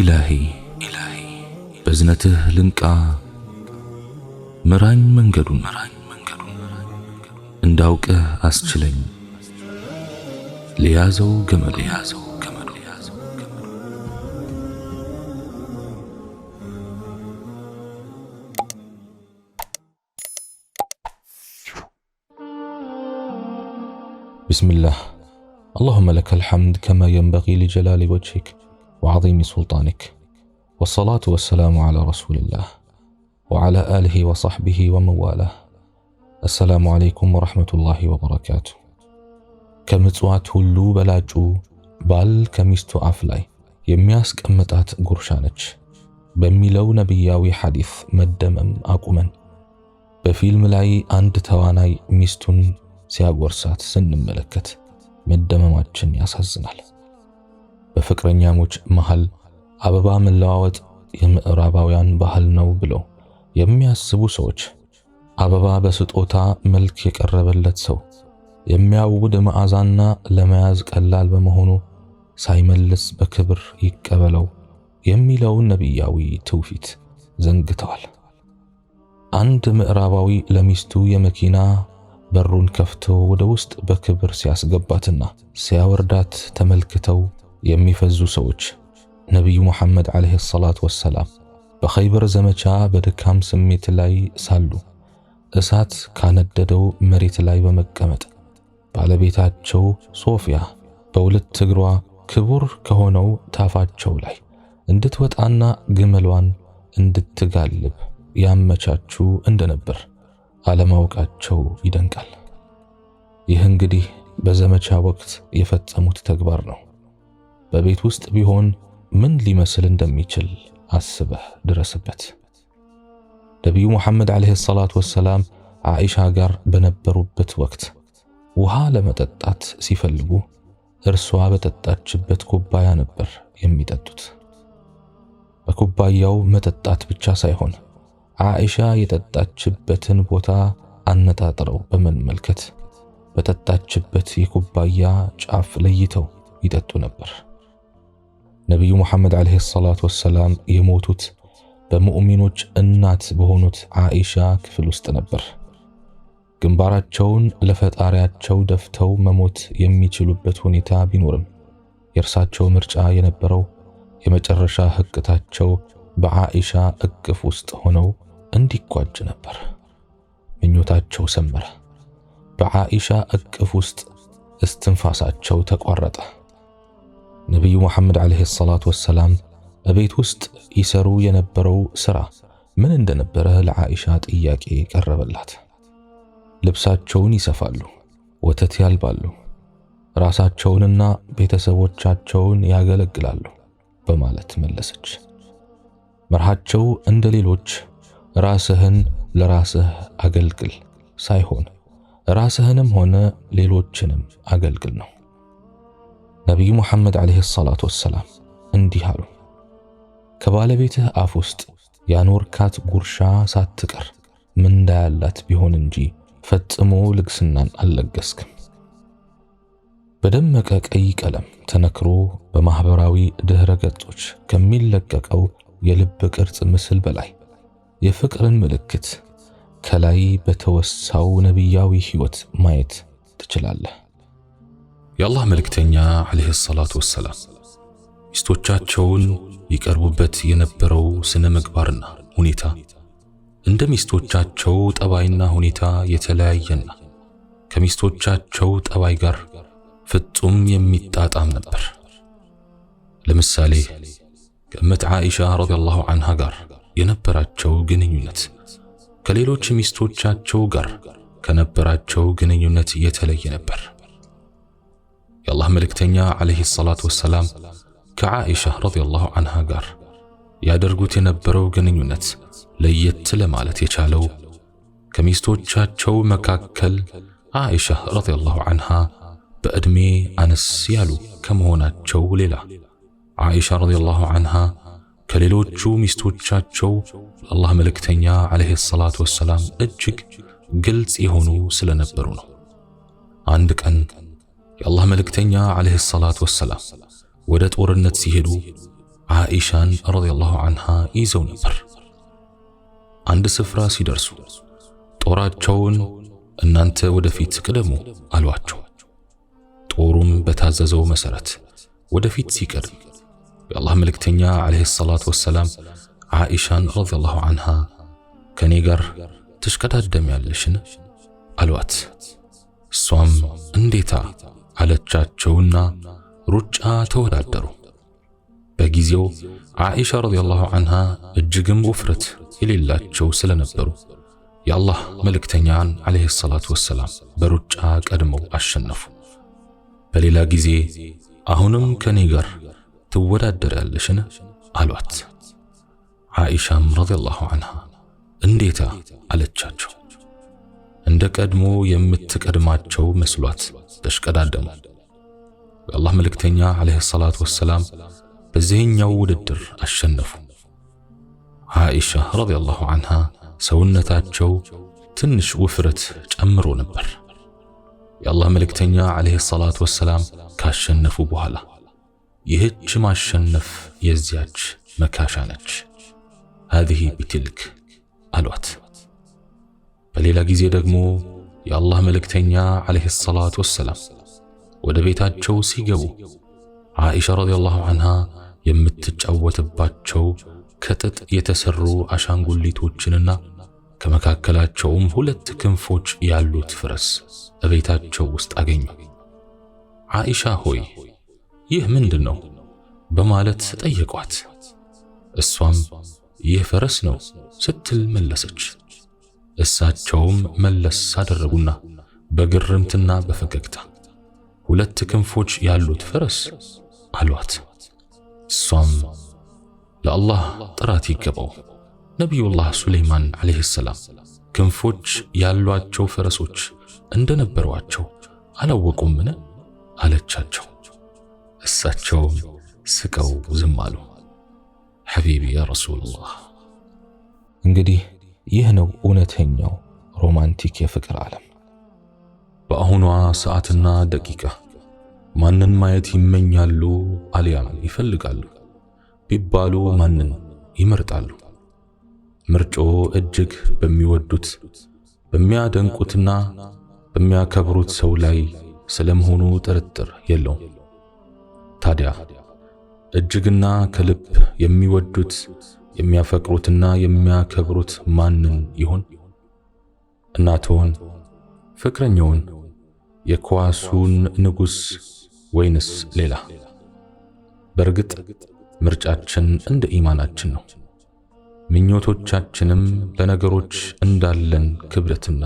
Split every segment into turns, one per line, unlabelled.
إلهي إلهي بزنته لنكا مران منجدو مران منجدو انداوك أسجلين ليازو جمل ليازو جمل ليازو جمل
بسم الله اللهم لك الحمد كما ينبغي لجلال وجهك وعظيم سلطانك والصلاة والسلام على رسول الله وعلى آله وصحبه وموالاه السلام عليكم ورحمة الله وبركاته كم اتوات هلو بلاجو بل كم استو يمياسك أمتات قرشانج بميلو نبياوي حديث مدمم أقومن بفيلم لاي أنت تواناي ميستون سياغورسات سن ملكت مدمم أجن ياسهزنال በፍቅረኛሞች መሃል አበባ መለዋወጥ የምዕራባውያን ባህል ነው ብለው የሚያስቡ ሰዎች አበባ በስጦታ መልክ የቀረበለት ሰው የሚያውድ መዓዛና ለመያዝ ቀላል በመሆኑ ሳይመልስ በክብር ይቀበለው የሚለው ነቢያዊ ትውፊት ዘንግተዋል። አንድ ምዕራባዊ ለሚስቱ የመኪና በሩን ከፍቶ ወደ ውስጥ በክብር ሲያስገባትና ሲያወርዳት ተመልክተው የሚፈዙ ሰዎች ነቢዩ ሙሐመድ ዓለይሂ ሰላቱ ወሰላም በኸይበር ዘመቻ በድካም ስሜት ላይ ሳሉ እሳት ካነደደው መሬት ላይ በመቀመጥ ባለቤታቸው ሶፊያ በሁለት እግሯ ክቡር ከሆነው ታፋቸው ላይ እንድትወጣና ግመሏን እንድትጋልብ ያመቻቹ እንደነበር አለማወቃቸው ይደንቃል። ይህ እንግዲህ በዘመቻ ወቅት የፈጸሙት ተግባር ነው። በቤት ውስጥ ቢሆን ምን ሊመስል እንደሚችል አስበህ ድረስበት። ነቢዩ ሙሐመድ ዓለይሂ ሰላቱ ወሰላም አኢሻ ጋር በነበሩበት ወቅት ውሃ ለመጠጣት ሲፈልጉ እርሷ በጠጣችበት ኩባያ ነበር የሚጠጡት። በኩባያው መጠጣት ብቻ ሳይሆን አኢሻ የጠጣችበትን ቦታ አነጣጥረው በመመልከት በጠጣችበት የኩባያ ጫፍ ለይተው ይጠጡ ነበር። ነቢዩ ሙሐመድ ዓለይሂ ሰላቱ ወሰላም የሞቱት በሙእሚኖች እናት በሆኑት ዓኢሻ ክፍል ውስጥ ነበር። ግንባራቸውን ለፈጣሪያቸው ደፍተው መሞት የሚችሉበት ሁኔታ ቢኖርም የእርሳቸው ምርጫ የነበረው የመጨረሻ ህቅታቸው በዓኢሻ እቅፍ ውስጥ ሆነው እንዲጓጅ ነበር። ምኞታቸው ሰመረ። በዓኢሻ እቅፍ ውስጥ እስትንፋሳቸው ተቋረጠ። ነቢዩ ሙሐመድ ዓለይሂ ሰላቱ ወሰላም በቤት ውስጥ ይሰሩ የነበረው ሥራ ምን እንደነበረ ለዓኢሻ ጥያቄ ቀረበላት። ልብሳቸውን ይሰፋሉ፣ ወተት ያልባሉ፣ ራሳቸውንና ቤተሰቦቻቸውን ያገለግላሉ በማለት መለሰች። መርሃቸው እንደ ሌሎች ራስህን ለራስህ አገልግል ሳይሆን ራስህንም ሆነ ሌሎችንም አገልግል ነው። ነቢዩ ሙሐመድ ዓለይሂ ሰላቱ ወሰላም እንዲህ አሉ፣ ከባለቤትህ አፍ ውስጥ ያኖርካት ጉርሻ ሳትቀር ምንዳ ያላት ቢሆን እንጂ ፈጽሞ ልግስናን አልለገስክም። በደመቀ ቀይ ቀለም ተነክሮ በማኅበራዊ ድኅረ ገጾች ከሚለቀቀው የልብ ቅርጽ ምስል በላይ የፍቅርን ምልክት ከላይ በተወሳው ነቢያዊ ሕይወት ማየት ትችላለህ። የአላህ መልእክተኛ ዓለይሂ ሰላቱ ወሰላም ሚስቶቻቸውን ይቀርቡበት የነበረው ስነ ምግባርና ሁኔታ እንደ ሚስቶቻቸው ጠባይና ሁኔታ የተለያየና ከሚስቶቻቸው ጠባይ ጋር ፍጹም የሚጣጣም ነበር። ለምሳሌ ከእመት ዓኢሻ ረዲየላሁ አንሃ ጋር የነበራቸው ግንኙነት ከሌሎች ሚስቶቻቸው ጋር ከነበራቸው ግንኙነት የተለየ ነበር። የአላህ መልእክተኛ ዓለይሂ ሰላት ወሰላም ከዓኢሻ ረዲየላሁ አንሃ ጋር ያደርጉት የነበረው ግንኙነት ለየት ለማለት የቻለው ከሚስቶቻቸው መካከል ዓኢሻ ረዲየላሁ አንሃ በዕድሜ አነስ ያሉ ከመሆናቸው ሌላ ዓኢሻ ረዲየላሁ አንሃ ከሌሎቹ ሚስቶቻቸው አላህ መልእክተኛ ዓለይሂ ሰላት ወሰላም እጅግ ግልጽ የሆኑ ስለነበሩ ነው። አንድ ቀን የአላህ መልእክተኛ ዓለይሂ ሰላት ወሰላም ወደ ጦርነት ሲሄዱ ዓኢሻን ረዲየላሁ አንሃ ይዘው ነበር። አንድ ስፍራ ሲደርሱ ጦራቸውን እናንተ ወደፊት ቅደሙ አሏቸው። ጦሩም በታዘዘው መሰረት ወደፊት ሲቀድም የአላህ መልእክተኛ ዓለይሂ ሰላት ወሰላም ዓኢሻን ረዲየላሁ አንሃ ከኔ ጋር ትሽቀዳደም ያለሽን አሏት። እሷም እንዴታ አለቻቸውና ሩጫ ተወዳደሩ። በጊዜው አኢሻ ረዲየላሁ አንሃ እጅግም ውፍረት የሌላቸው ስለነበሩ የአላህ መልእክተኛን ዓለይሂ ሰላቱ ወሰላም በሩጫ ቀድመው አሸነፉ። በሌላ ጊዜ አሁንም ከኔ ጋር ትወዳደሪያለሽን? አሏት። አኢሻም ረዲየላሁ አንሃ እንዴታ አለቻቸው። እንደ ቀድሞ የምትቀድማቸው መስሏት ተሽቀዳደሙ። የአላህ መልእክተኛ ዓለይሂ ሰላቱ ወሰላም በዚህኛው ውድድር አሸነፉ። አኢሻ ረዲየላሁ አንሃ ሰውነታቸው ትንሽ ውፍረት ጨምሮ ነበር። የአላህ መልእክተኛ ዓለይሂ ሰላቱ ወሰላም ካሸነፉ በኋላ ይህች ማሸነፍ የዚያች መካሻ ነች፣ ሃዚህ ቢትልክ አሏት። በሌላ ጊዜ ደግሞ የአላህ መልእክተኛ ዓለይሂ ሰላቱ ወሰላም ወደ ቤታቸው ሲገቡ ዓኢሻ ረዲየላሁ ዐንሃ የምትጫወትባቸው ከጥጥ የተሰሩ አሻንጉሊቶችንና ከመካከላቸውም ሁለት ክንፎች ያሉት ፈረስ እቤታቸው ውስጥ አገኙ። ዓኢሻ ሆይ ይህ ምንድን ነው? በማለት ጠየቋት። እሷም ይህ ፈረስ ነው ስትል መለሰች። እሳቸውም መለስ አደረጉና በግርምትና በፈገግታ ሁለት ክንፎች ያሉት ፈረስ አሏት። እሷም ለአላህ ጥራት ይገባው ነቢዩላህ ሱለይማን ዓለይሂ ሰላም ክንፎች ያሏቸው ፈረሶች እንደነበሯቸው አላወቁምን? አለቻቸው። እሳቸውም ስቀው ዝም አሉ። ሐቢቢ ያ ረሱሉላህ እንግዲህ ይህ ነው እውነተኛው ሮማንቲክ የፍቅር ዓለም። በአሁኗ ሰዓትና ደቂቃ ማንን ማየት ይመኛሉ አሊያም ይፈልጋሉ ቢባሉ ማንን ይመርጣሉ? ምርጮ እጅግ በሚወዱት በሚያደንቁትና በሚያከብሩት ሰው ላይ ስለመሆኑ ጥርጥር የለውም። ታዲያ እጅግና ከልብ የሚወዱት የሚያፈቅሩትና የሚያከብሩት ማንን ይሆን? እናቶን ፍቅረኛውን፣ የኳሱን ንጉሥ ወይንስ ሌላ? በእርግጥ ምርጫችን እንደ ኢማናችን ነው። ምኞቶቻችንም ለነገሮች እንዳለን ክብደትና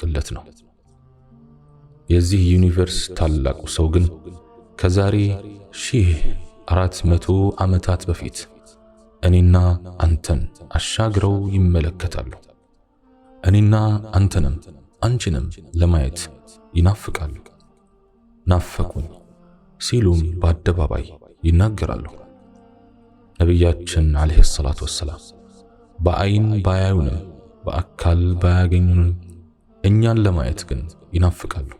ቅለት ነው። የዚህ ዩኒቨርስ ታላቁ ሰው ግን ከዛሬ ሺህ አራት መቶ ዓመታት በፊት እኔና አንተን አሻግረው ይመለከታሉ። እኔና አንተንም አንቺንም ለማየት ይናፍቃሉ። ናፈቁኝ ሲሉም በአደባባይ ይናገራሉ። ነቢያችን ዓለይሂ ሰላቱ ወሰላም በአይን ባያዩንም በአካል ባያገኙንም እኛን ለማየት ግን ይናፍቃሉ።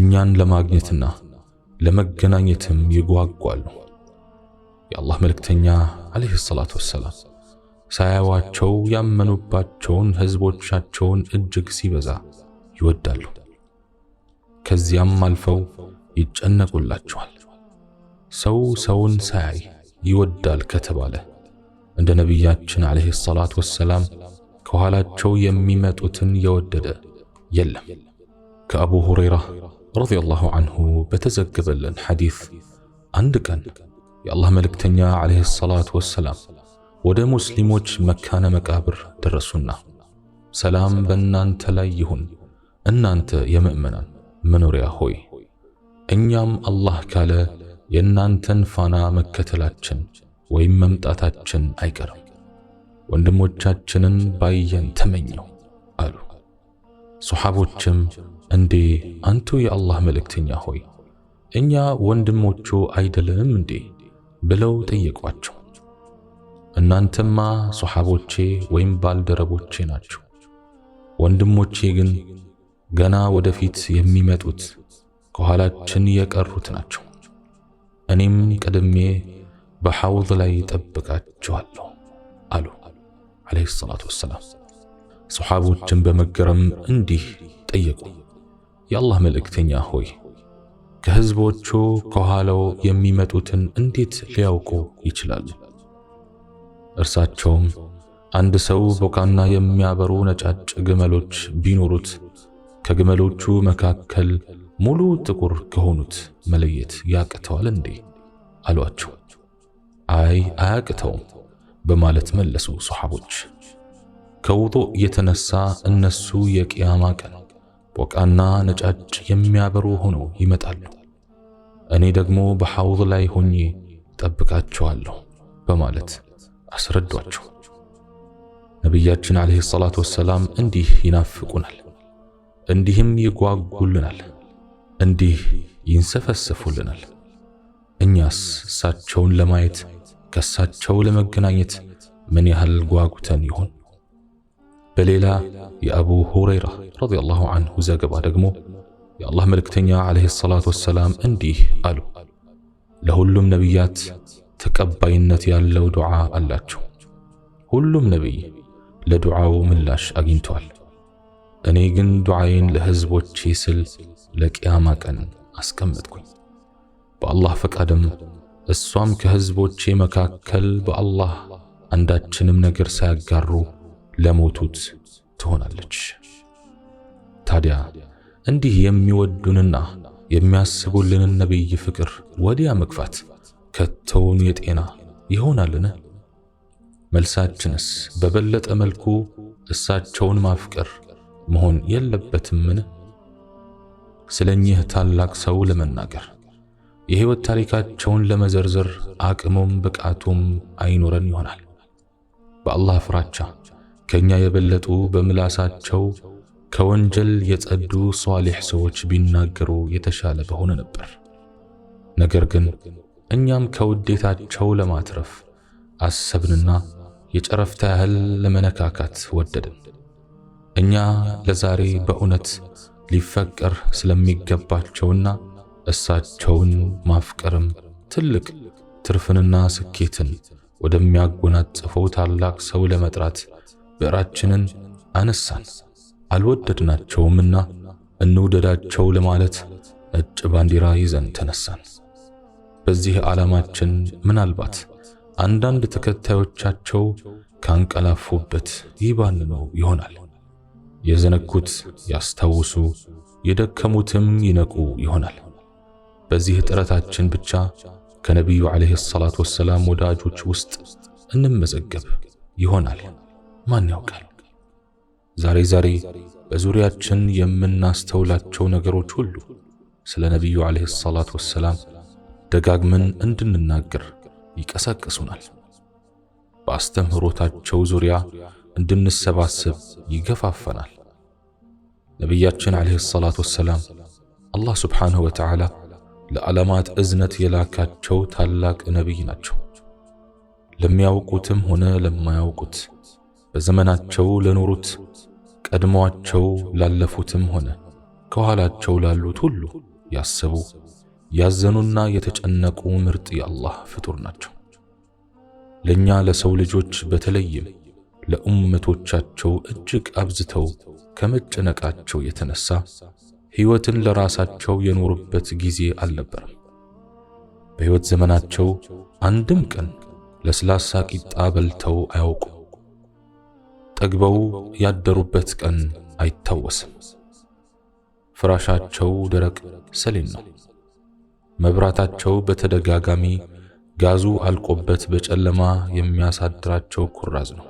እኛን ለማግኘትና ለመገናኘትም ይጓጓሉ። የአላህ መልእክተኛ ዓለይሂ ሰላቱ ወሰላም ሳያዋቸው ያመኑባቸውን ሕዝቦቻቸውን እጅግ ሲበዛ ይወዳሉ። ከዚያም አልፈው ይጨነቁላቸዋል። ሰው ሰውን ሳያይ ይወዳል ከተባለ እንደ ነቢያችን ዓለይሂ ሰላቱ ወሰላም ከኋላቸው የሚመጡትን የወደደ የለም። ከአቡ ሁረይራ ረዲየላሁ አንሁ በተዘገበልን ሐዲስ አንድ ቀን የአላህ መልእክተኛ ዓለይሂ ሰላቱ ወሰላም ወደ ሙስሊሞች መካነ መቃብር ደረሱና ሰላም በእናንተ ላይ ይሁን፣ እናንተ የምእመናን መኖሪያ ሆይ፣ እኛም አላህ ካለ የእናንተን ፋና መከተላችን ወይም መምጣታችን አይቀርም፣ ወንድሞቻችንን ባየን ተመኘው አሉ። ሶሓቦችም እንዴ አንቱ የአላህ መልእክተኛ ሆይ፣ እኛ ወንድሞቹ አይደለንም እንዴ ብለው ጠየቋቸው። እናንተማ ሶሐቦቼ ወይም ባልደረቦቼ ናችሁ፣ ወንድሞቼ ግን ገና ወደፊት የሚመጡት ከኋላችን የቀሩት ናቸው። እኔም ቀድሜ በሐውዝ ላይ ጠብቃችኋለሁ አሉ ዓለይሂ ሰላቱ ወሰላም። ሶሐቦችን በመገረም እንዲህ ጠየቁ፣ የአላህ መልእክተኛ ሆይ ከሕዝቦቹ ከኋላው የሚመጡትን እንዴት ሊያውቁ ይችላል? እርሳቸውም አንድ ሰው ቦካና የሚያበሩ ነጫጭ ግመሎች ቢኖሩት ከግመሎቹ መካከል ሙሉ ጥቁር ከሆኑት መለየት ያቅተዋል እንዴ? አሏቸው። አይ አያቅተውም በማለት መለሱ ሰሓቦች። ከውጦ የተነሳ እነሱ የቅያማ ቀን ቦቃና ነጫጭ የሚያበሩ ሆነው ይመጣሉ። እኔ ደግሞ በሐውዝ ላይ ሆኜ ጠብቃቸዋለሁ በማለት አስረዷቸው። ነቢያችን ዓለይሂ ሰላቱ ወሰላም እንዲህ ይናፍቁናል፣ እንዲህም ይጓጉልናል፣ እንዲህ ይንሰፈሰፉልናል። እኛስ እሳቸውን ለማየት ከእሳቸው ለመገናኘት ምን ያህል ጓጉተን ይሆን? በሌላ የአቡ ሁረይራ ረዲየላሁ አንሁ ዘገባ ደግሞ የአላህ መልእክተኛ ዓለይሂ ሰላቱ ወሰላም እንዲህ አሉ። ለሁሉም ነቢያት ተቀባይነት ያለው ዱዓ አላቸው። ሁሉም ነቢይ ለዱዓው ምላሽ አግኝተዋል። እኔ ግን ዱዓዬን ለሕዝቦቼ ስል ለቅያማ ቀን አስቀመጥኩኝ። በአላህ ፈቃድም እሷም ከሕዝቦቼ መካከል በአላህ አንዳችንም ነገር ሳያጋሩ ለሞቱት ትሆናለች። ታዲያ እንዲህ የሚወዱንና የሚያስቡልንን ነቢይ ፍቅር ወዲያ መግፋት ከተውን የጤና ይሆናልን? መልሳችንስ በበለጠ መልኩ እሳቸውን ማፍቀር መሆን የለበትምን? ስለኚህ ታላቅ ሰው ለመናገር የሕይወት ታሪካቸውን ለመዘርዘር አቅሙም ብቃቱም አይኖረን ይሆናል። በአላህ ፍራቻ ከእኛ የበለጡ በምላሳቸው ከወንጀል የጸዱ ሷሊሕ ሰዎች ቢናገሩ የተሻለ በሆነ ነበር። ነገር ግን እኛም ከውዴታቸው ለማትረፍ አሰብንና የጨረፍታ ያህል ለመነካካት ወደድን። እኛ ለዛሬ በእውነት ሊፈቀር ስለሚገባቸውና እሳቸውን ማፍቀርም ትልቅ ትርፍንና ስኬትን ወደሚያጎናጽፈው ታላቅ ሰው ለመጥራት ብዕራችንን አነሳን። አልወደድናቸውምና እንውደዳቸው ለማለት ነጭ ባንዲራ ይዘን ተነሳን። በዚህ ዓላማችን ምናልባት አንዳንድ ተከታዮቻቸው ካንቀላፉበት ይባንኑ ይሆናል። የዘነኩት ያስታውሱ፣ የደከሙትም ይነቁ ይሆናል። በዚህ ጥረታችን ብቻ ከነቢዩ ዓለይሂ ሰላቱ ወሰላም ወዳጆች ውስጥ እንመዘገብ ይሆናል። ማን ያውቃል? ዛሬ ዛሬ በዙሪያችን የምናስተውላቸው ነገሮች ሁሉ ስለ ነቢዩ ዓለይሂ ሰላቱ ወሰላም ደጋግመን እንድንናገር ይቀሰቅሱናል። በአስተምህሮታቸው ዙሪያ እንድንሰባሰብ ይገፋፈናል። ነቢያችን ዓለይሂ ሰላቱ ወሰላም አላህ ሱብሓነሁ ወተዓላ ለዓለማት እዝነት የላካቸው ታላቅ ነቢይ ናቸው። ለሚያውቁትም ሆነ ለማያውቁት በዘመናቸው ለኖሩት ቀድሞአቸው ላለፉትም ሆነ ከኋላቸው ላሉት ሁሉ ያሰቡ ያዘኑና የተጨነቁ ምርጥ የአላህ ፍጡር ናቸው። ለእኛ ለሰው ልጆች በተለይም ለኡመቶቻቸው እጅግ አብዝተው ከመጨነቃቸው የተነሳ ሕይወትን ለራሳቸው የኖሩበት ጊዜ አልነበረም። በሕይወት ዘመናቸው አንድም ቀን ለስላሳ ቂጣ በልተው አያውቁም። ጠግበው ያደሩበት ቀን አይታወስም። ፍራሻቸው ደረቅ ሰሌን ነው። መብራታቸው በተደጋጋሚ ጋዙ አልቆበት በጨለማ የሚያሳድራቸው ኩራዝ ነው።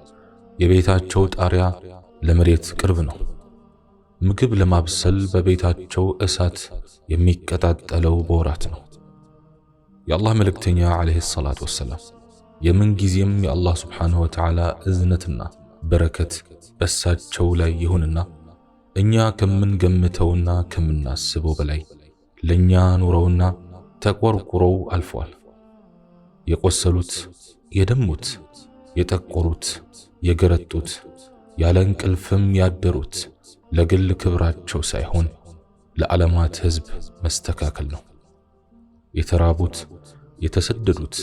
የቤታቸው ጣሪያ ለመሬት ቅርብ ነው። ምግብ ለማብሰል በቤታቸው እሳት የሚቀጣጠለው በወራት ነው። የአላህ መልእክተኛ ዓለይሂ ሰላቱ ወሰላም የምንጊዜም የአላህ ስብሓንሁ ወተዓላ እዝነትና በረከት በሳቸው ላይ ይሁንና እኛ ከምንገምተውና ከምናስበው በላይ ለእኛ ኑረውና ተቆርቁረው አልፈዋል። የቆሰሉት፣ የደሙት፣ የጠቆሩት፣ የገረጡት፣ ያለ እንቅልፍም ያደሩት ለግል ክብራቸው ሳይሆን ለዓለማት ሕዝብ መስተካከል ነው። የተራቡት፣ የተሰደዱት፣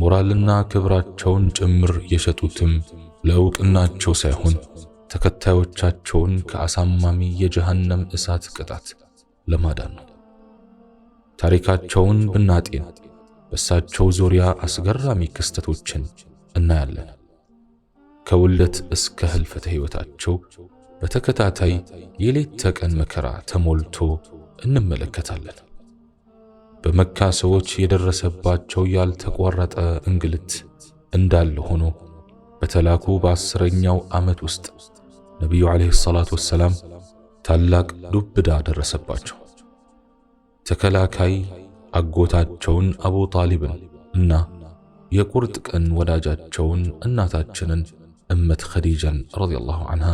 ሞራልና ክብራቸውን ጭምር የሸጡትም ለእውቅናቸው ሳይሆን ተከታዮቻቸውን ከአሳማሚ የጀሃነም እሳት ቅጣት ለማዳን ነው። ታሪካቸውን ብናጤን በእሳቸው ዙሪያ አስገራሚ ክስተቶችን እናያለን። ከውልደት እስከ ህልፈተ ሕይወታቸው በተከታታይ የሌት ተቀን መከራ ተሞልቶ እንመለከታለን። በመካ ሰዎች የደረሰባቸው ያልተቋረጠ እንግልት እንዳለ ሆኖ በተላኩ በአስረኛው ዓመት ውስጥ ነቢዩ ዓለይሂ ሰላቱ ወሰላም ታላቅ ዱብዳ ደረሰባቸው። ተከላካይ አጎታቸውን አቡ ጣሊብን እና የቁርጥ ቀን ወዳጃቸውን እናታችንን እመት ኸዲጃን ረዲየላሁ ዐንሃ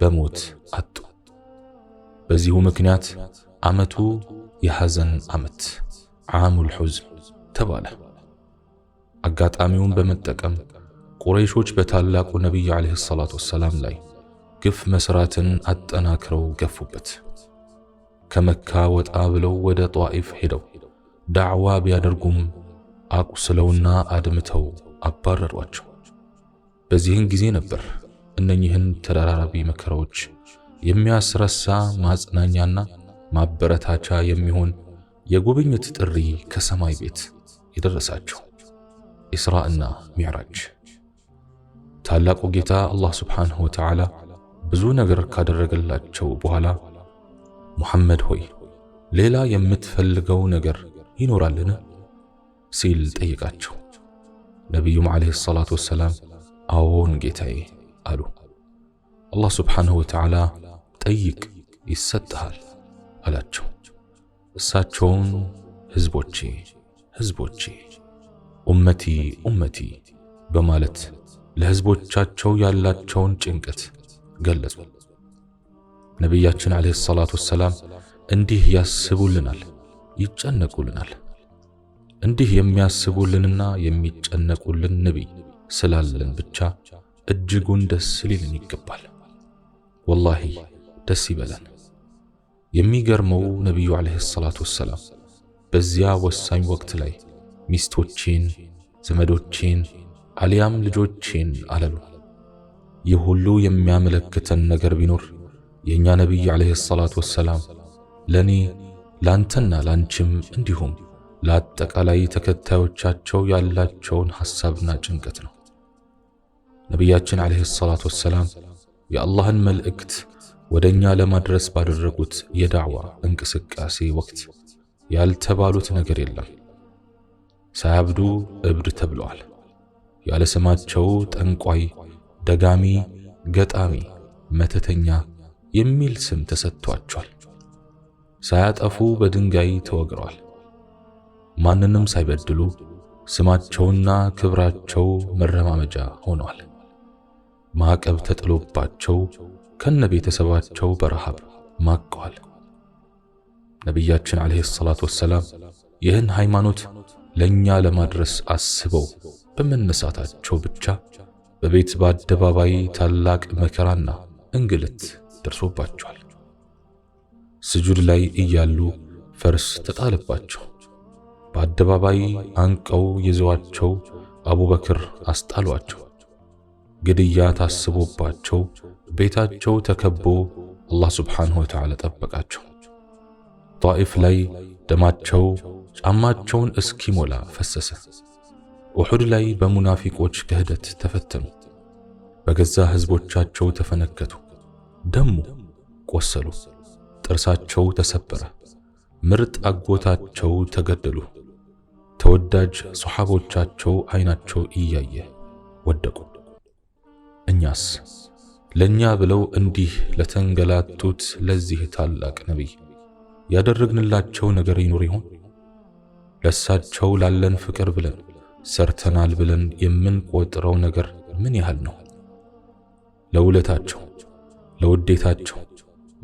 በሞት አጡ። በዚሁ ምክንያት ዓመቱ የሐዘን ዓመት ዓሙል ሑዝን ተባለ። አጋጣሚውን በመጠቀም ቁረይሾች በታላቁ ነቢይ ዓለይሂ ሰላቱ ወሰላም ላይ ግፍ መስራትን አጠናክረው ገፉበት። ከመካ ወጣ ብለው ወደ ጧኢፍ ሄደው ዳዕዋ ቢያደርጉም አቁስለውና አድምተው አባረሯቸው። በዚህን ጊዜ ነበር እነኚህን ተደራራቢ መከራዎች የሚያስረሳ ማጽናኛና ማበረታቻ የሚሆን የጉብኝት ጥሪ ከሰማይ ቤት የደረሳቸው ኢስራእና ሚዕራጅ ታላቁ ጌታ አላህ ስብሓንሁ ወተዓላ ብዙ ነገር ካደረገላቸው በኋላ ሙሐመድ ሆይ ሌላ የምትፈልገው ነገር ይኖራልን? ሲል ጠይቃቸው። ነቢዩም ዓለይሂ ሰላቱ ወሰላም አዎን ጌታዬ አሉ። አላህ ስብሓንሁ ወተዓላ ጠይቅ ይሰጥሃል አላቸው። እሳቸውም ሕዝቦቼ ሕዝቦቼ፣ ኡመቲ ኡመቲ በማለት ለህዝቦቻቸው ያላቸውን ጭንቀት ገለጹ። ነቢያችን ዓለይሂ ሰላቱ ወሰላም እንዲህ ያስቡልናል፣ ይጨነቁልናል። እንዲህ የሚያስቡልንና የሚጨነቁልን ነቢይ ስላለን ብቻ እጅጉን ደስ ሊልን ይገባል። ወላሂ ደስ ይበላል። የሚገርመው ነቢዩ ዓለይሂ ሰላቱ ወሰላም በዚያ ወሳኝ ወቅት ላይ ሚስቶቼን፣ ዘመዶቼን አሊያም ልጆቼን አለሉ። ይህ ሁሉ የሚያመለክተን ነገር ቢኖር የእኛ ነቢይ ዓለይሂ ሰላቱ ወሰላም ለእኔ ላንተና ላንቺም እንዲሁም ለአጠቃላይ ተከታዮቻቸው ያላቸውን ሐሳብና ጭንቀት ነው። ነቢያችን ዓለይሂ ሰላቱ ወሰላም የአላህን መልእክት ወደ እኛ ለማድረስ ባደረጉት የዳዕዋ እንቅስቃሴ ወቅት ያልተባሉት ነገር የለም። ሳያብዱ እብድ ተብለዋል። ያለ ስማቸው ጠንቋይ፣ ደጋሚ፣ ገጣሚ፣ መተተኛ የሚል ስም ተሰጥቷቸዋል። ሳያጠፉ በድንጋይ ተወግረዋል። ማንንም ሳይበድሉ ስማቸውና ክብራቸው መረማመጃ ሆነዋል። ማዕቀብ ተጥሎባቸው ከነ ቤተሰባቸው በረሃብ ማቀዋል። ነቢያችን ዓለይሂ ሰላቱ ወሰላም ይህን ሃይማኖት ለእኛ ለማድረስ አስበው በመነሳታቸው ብቻ በቤት በአደባባይ ታላቅ መከራና እንግልት ደርሶባቸዋል። ስጁድ ላይ እያሉ ፈርስ ተጣለባቸው። በአደባባይ አንቀው ይዘዋቸው አቡበክር አስጣሏቸው። ግድያ ታስቦባቸው ቤታቸው ተከቦ አላህ ሱብሓነሁ ወተዓላ ጠበቃቸው። ጣኢፍ ላይ ደማቸው ጫማቸውን እስኪሞላ ፈሰሰ። ውሑድ ላይ በሙናፊቆች ክህደት ተፈተኑ፣ በገዛ ህዝቦቻቸው ተፈነከቱ፣ ደሙ ቆሰሉ፣ ጥርሳቸው ተሰበረ፣ ምርጥ አጎታቸው ተገደሉ፣ ተወዳጅ ሶሓቦቻቸው አይናቸው እያየ ወደቁ። እኛስ ለእኛ ብለው እንዲህ ለተንገላቱት ለዚህ ታላቅ ነቢይ ያደረግንላቸው ነገር ይኖር ይሆን? ለእሳቸው ላለን ፍቅር ብለን ሰርተናል ብለን የምንቆጥረው ነገር ምን ያህል ነው? ለውለታቸው፣ ለውዴታቸው፣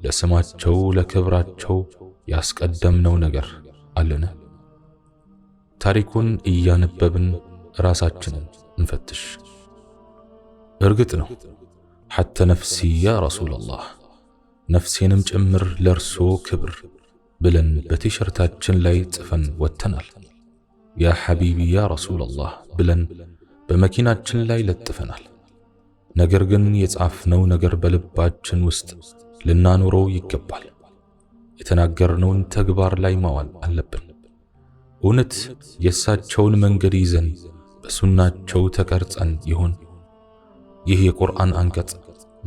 ለስማቸው፣ ለክብራቸው ያስቀደምነው ነገር አለን? ታሪኩን እያነበብን ራሳችንን እንፈትሽ። እርግጥ ነው ሐተ ነፍሲ ያ ረሱላላህ ነፍሴንም ጭምር ለእርሶ ክብር ብለን በቲሸርታችን ላይ ጽፈን ወጥተናል። ያ ሐቢቢ ያ ረሱለላህ ብለን በመኪናችን ላይ ለጥፈናል። ነገር ግን የጻፍነው ነገር በልባችን ውስጥ ልናኖረው ይገባል። የተናገርነውን ተግባር ላይ ማዋል አለብን። እውነት የእሳቸውን መንገድ ይዘን በሱናቸው ተቀርጸን ይሆን? ይህ የቁርአን አንቀጽ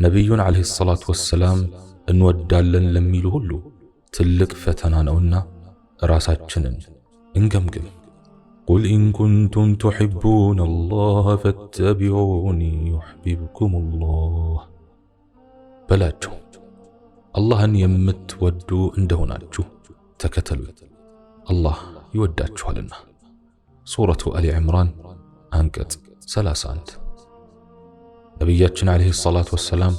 ነቢዩን ዓለይሂ ሰላቱ ወሰላም እንወዳለን ለሚሉ ሁሉ ትልቅ ፈተና ነውና ራሳችንን እንገምግም። قل إن كنتم تحبون الله فاتبعوني يحببكم الله بلاجو الله أن يمت ودو عنده ناجو تكتلوا الله يوداجو لنا سورة آل عمران أنكت سلاسة أنت نبياتنا عليه الصلاة والسلام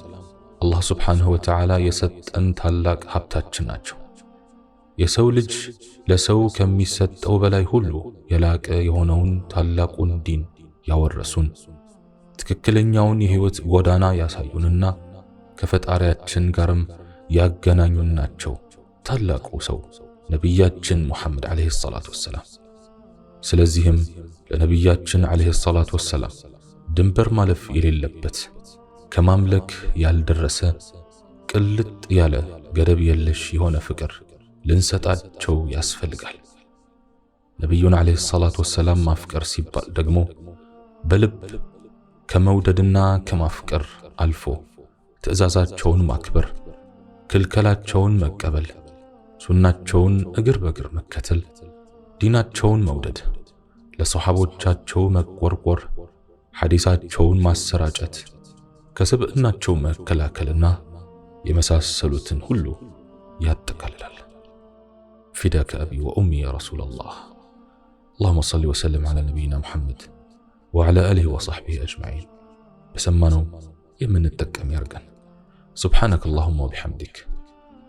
الله سبحانه وتعالى يسد أن تهلاك هبتاتنا ناجو የሰው ልጅ ለሰው ከሚሰጠው በላይ ሁሉ የላቀ የሆነውን ታላቁን ዲን ያወረሱን ትክክለኛውን የህይወት ጎዳና ያሳዩንና ከፈጣሪያችን ጋርም ያገናኙን ናቸው። ታላቁ ሰው ነቢያችን ሙሐመድ ዓለይሂ ሰላቱ ወሰላም። ስለዚህም ለነቢያችን ዓለይሂ ሰላቱ ወሰላም ድንበር ማለፍ የሌለበት ከማምለክ ያልደረሰ ቅልጥ ያለ ገደብ የለሽ የሆነ ፍቅር ልንሰጣቸው ያስፈልጋል። ነቢዩን ዓለይሂ ሰላቱ ወሰላም ማፍቀር ሲባል ደግሞ በልብ ከመውደድና ከማፍቀር አልፎ ትዕዛዛቸውን ማክበር፣ ክልከላቸውን መቀበል፣ ሱናቸውን እግር በእግር መከተል፣ ዲናቸውን መውደድ፣ ለሰሓቦቻቸው መቆርቆር፣ ሐዲሳቸውን ማሰራጨት፣ ከስብዕናቸው መከላከልና የመሳሰሉትን ሁሉ ያጠቃልላል። فداك أبي وأمي يا رسول الله اللهم صل وسلم على نبينا محمد وعلى آله وصحبه أجمعين بسمانو يمن التك يرقن سبحانك اللهم وبحمدك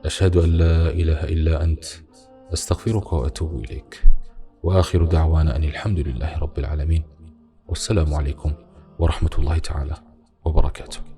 أشهد أن لا إله إلا أنت أستغفرك وأتوب إليك وآخر دعوانا أن الحمد لله رب العالمين والسلام عليكم ورحمة الله تعالى وبركاته